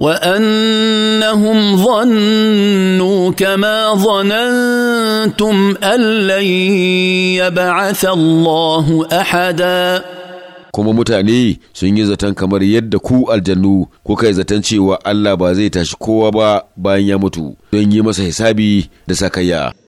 وانهم ظنوا كما ظننتم ان لن يبعث الله احدا kuma mutane sun yi zaton kamar yadda ku aljannu kuka yi zaton cewa Allah ba zai tashi kowa ba bayan ya mutu don yi masa hisabi da sakayya